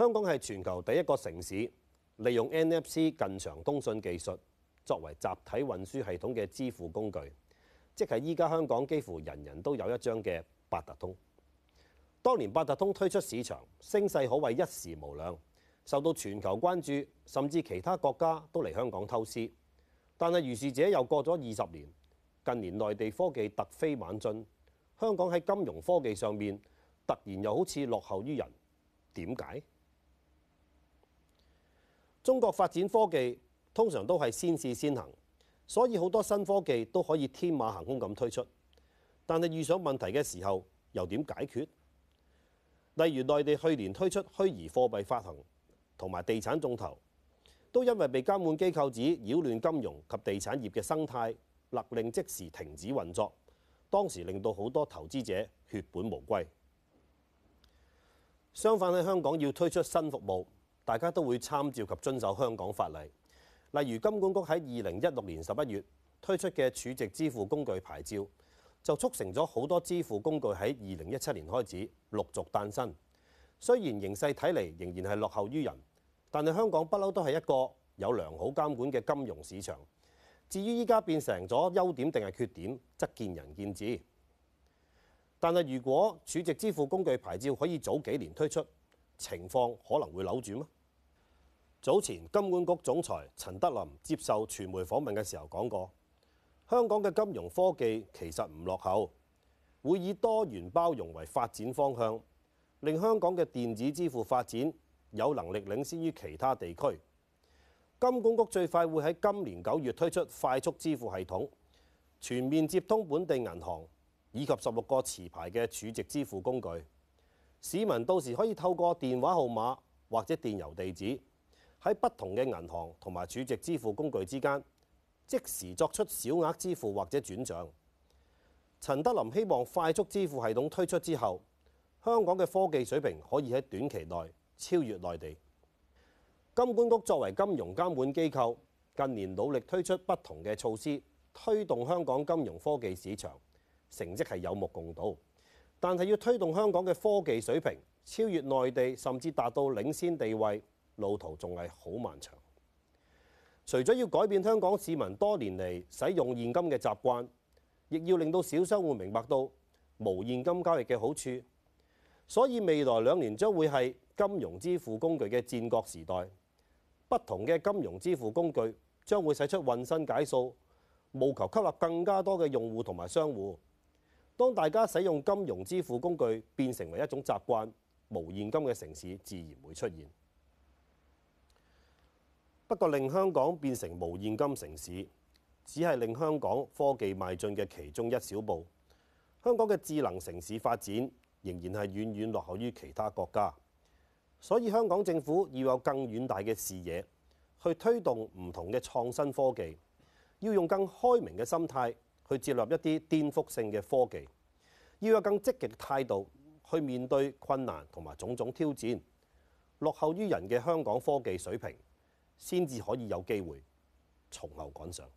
香港係全球第一個城市，利用 NFC 近場通訊技術作為集體運輸系統嘅支付工具，即係依家香港幾乎人人都有一張嘅八達通。當年八達通推出市場，聲勢可謂一時無兩，受到全球關注，甚至其他國家都嚟香港偷師。但係如是者又過咗二十年，近年內地科技突飛猛進，香港喺金融科技上面突然又好似落後於人，點解？中國發展科技通常都係先試先行，所以好多新科技都可以天馬行空咁推出。但係遇上問題嘅時候，又點解決？例如內地去年推出虛擬貨幣發行同埋地產眾投，都因為被監管機構指擾亂金融及地產業嘅生態，勒令即時停止運作。當時令到好多投資者血本無歸。相反喺香港要推出新服務，大家都會參照及遵守香港法例，例如金管局喺二零一六年十一月推出嘅儲值支付工具牌照，就促成咗好多支付工具喺二零一七年開始陸續誕生。雖然形勢睇嚟仍然係落後於人，但係香港不嬲都係一個有良好監管嘅金融市場。至於依家變成咗優點定係缺點，則見仁見智。但係如果儲值支付工具牌照可以早幾年推出，情況可能會扭轉嗎？早前，金管局總裁陳德霖接受傳媒訪問嘅時候講過，香港嘅金融科技其實唔落後，會以多元包容為發展方向，令香港嘅電子支付發展有能力領先於其他地區。金管局最快會喺今年九月推出快速支付系統，全面接通本地銀行以及十六個持牌嘅儲值支付工具，市民到時可以透過電話號碼或者電郵地址。喺不同嘅銀行同埋儲值支付工具之間，即時作出小額支付或者轉賬。陳德霖希望快速支付系統推出之後，香港嘅科技水平可以喺短期內超越內地。金管局作為金融監管機構，近年努力推出不同嘅措施，推動香港金融科技市場，成績係有目共睹。但係要推動香港嘅科技水平超越內地，甚至達到領先地位。路途仲係好漫長。除咗要改變香港市民多年嚟使用現金嘅習慣，亦要令到小商戶明白到無現金交易嘅好處。所以未來兩年將會係金融支付工具嘅戰國時代，不同嘅金融支付工具將會使出渾身解數，務求吸納更加多嘅用戶同埋商戶。當大家使用金融支付工具變成為一種習慣，無現金嘅城市自然會出現。不過，令香港變成無現金城市，只係令香港科技邁進嘅其中一小步。香港嘅智能城市發展仍然係遠遠落後於其他國家，所以香港政府要有更遠大嘅視野，去推動唔同嘅創新科技，要用更開明嘅心態去接納一啲顛覆性嘅科技，要有更積極嘅態度去面對困難同埋種種挑戰，落後於人嘅香港科技水平，先至可以有機會從後趕上。